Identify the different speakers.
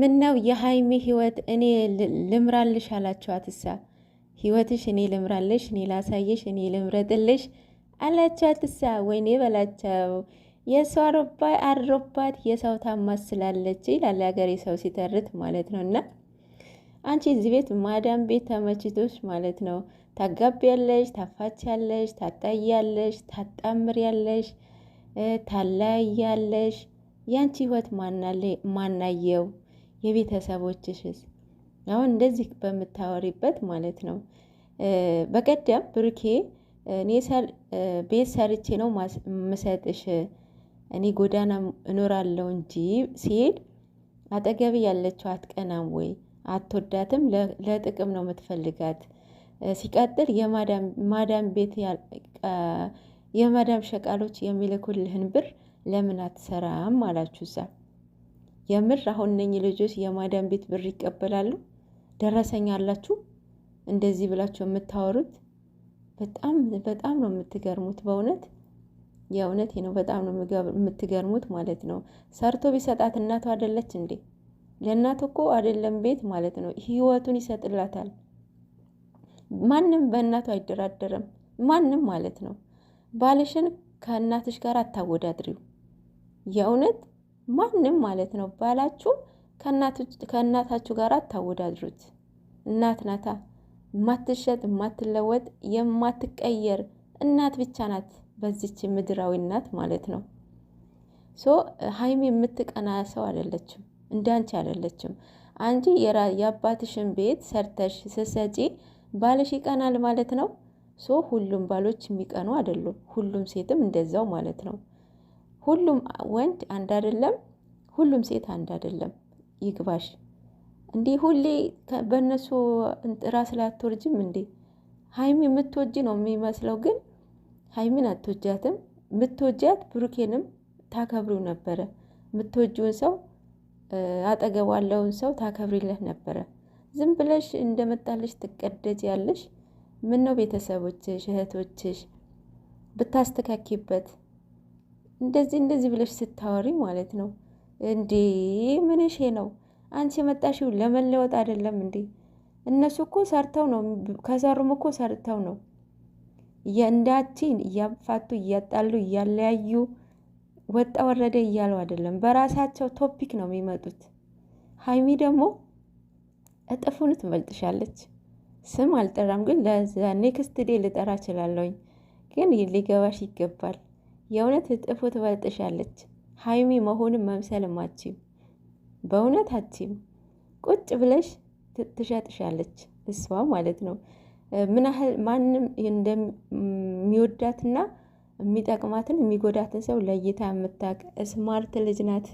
Speaker 1: ምን ነው የሀይሚ ህይወት እኔ ልምራልሽ አላቸዋት። እሳ ህይወትሽ እኔ ልምራልሽ፣ እኔ ላሳየሽ፣ እኔ ልምረጥልሽ አላቸዋት። እሳ ወይኔ በላቸው የሰው አሮባ አድሮባት የሰው ታማስላለች ይላል ሀገሬ ሰው ሲተርት ማለት ነው። እና አንቺ እዚህ ቤት ማዳም ቤት ተመችቶች ማለት ነው። ታጋቢያለሽ፣ ታፋቻለሽ፣ ታጣያለሽ፣ ታጣምሪያለሽ፣ ታላያለሽ። ያንቺ ህይወት ማናየው የቤተሰቦችሽስ? አሁን እንደዚህ በምታወሪበት ማለት ነው። በቀደም ብሩኬ እኔ ቤት ሰርቼ ነው ምሰጥሽ እኔ ጎዳና እኖራለሁ እንጂ ሲሄድ አጠገብ ያለችው አትቀናም ወይ አትወዳትም? ለጥቅም ነው የምትፈልጋት። ሲቀጥል የማዳም ቤት የማዳም ሸቃሎች የሚልኩልህን ብር ለምን አትሰራም አላችሁ እዛ የምር አሁን እነኚህ ልጆች የማዳን ቤት ብር ይቀበላሉ። ደረሰኝ አላችሁ እንደዚህ ብላችሁ የምታወሩት በጣም በጣም ነው የምትገርሙት። በእውነት የእውነት ነው በጣም ነው የምትገርሙት ማለት ነው። ሰርቶ ቢሰጣት እናቱ አደለች እንዴ? ለእናቱ እኮ አደለም ቤት ማለት ነው። ህይወቱን ይሰጥላታል። ማንም በእናቱ አይደራደርም። ማንም ማለት ነው። ባልሽን ከእናትሽ ጋር አታወዳድሪው የእውነት ማንም ማለት ነው ባላችሁ ከእናታችሁ ጋር አታወዳድሩት። እናት ናታ የማትሸጥ የማትለወጥ የማትቀየር እናት ብቻ ናት፣ በዚች ምድራዊ እናት ማለት ነው። ሶ ሀይሚ የምትቀና ሰው አይደለችም፣ እንዳንቺ አይደለችም። አንቺ የአባትሽን ቤት ሰርተሽ ስሰጪ ባልሽ ይቀናል ማለት ነው። ሶ ሁሉም ባሎች የሚቀኑ አይደሉም፣ ሁሉም ሴትም እንደዛው ማለት ነው። ሁሉም ወንድ አንድ አይደለም፣ ሁሉም ሴት አንድ አይደለም። ይግባሽ እንዲህ ሁሌ በእነሱ ራስ ላይ አትወርጅም እንዴ? ሀይሚ የምትወጂ ነው የሚመስለው፣ ግን ሀይሚን አትወጃትም። የምትወጃት ብሩኬንም ታከብሪው ነበረ። የምትወጂውን ሰው አጠገባለውን ሰው ታከብሪለት ነበረ። ዝም ብለሽ እንደመጣለሽ ትቀደጅ ያለሽ ምን ነው? ቤተሰቦችሽ እህቶችሽ ብታስተካኪበት እንደዚህ እንደዚህ ብለሽ ስታወሪ ማለት ነው እንዴ? ምንሽ ነው አንቺ የመጣሽው ለመለወጥ አይደለም እንዴ? እነሱ እኮ ሰርተው ነው ከሰሩም እኮ ሰርተው ነው እንዳችን እያፋቱ እያጣሉ እያለያዩ ወጣ ወረደ እያሉ አይደለም። በራሳቸው ቶፒክ ነው የሚመጡት። ሀይሚ ደግሞ እጥፉን ትመልጥሻለች ስም አልጠራም፣ ግን ለዛ ኔክስት ዴ ልጠራ እችላለሁኝ። ግን ሊገባሽ ይገባል። የእውነት እጥፉ ትበልጥሻለች። ሀይሚ መሆንም መምሰልም አችም በእውነት አችም ቁጭ ብለሽ ትሸጥሻለች እሷ ማለት ነው። ምን ያህል ማንም እንደሚወዳትና የሚጠቅማትን የሚጎዳትን ሰው ለይታ የምታቅ ስማርት ልጅ ናት።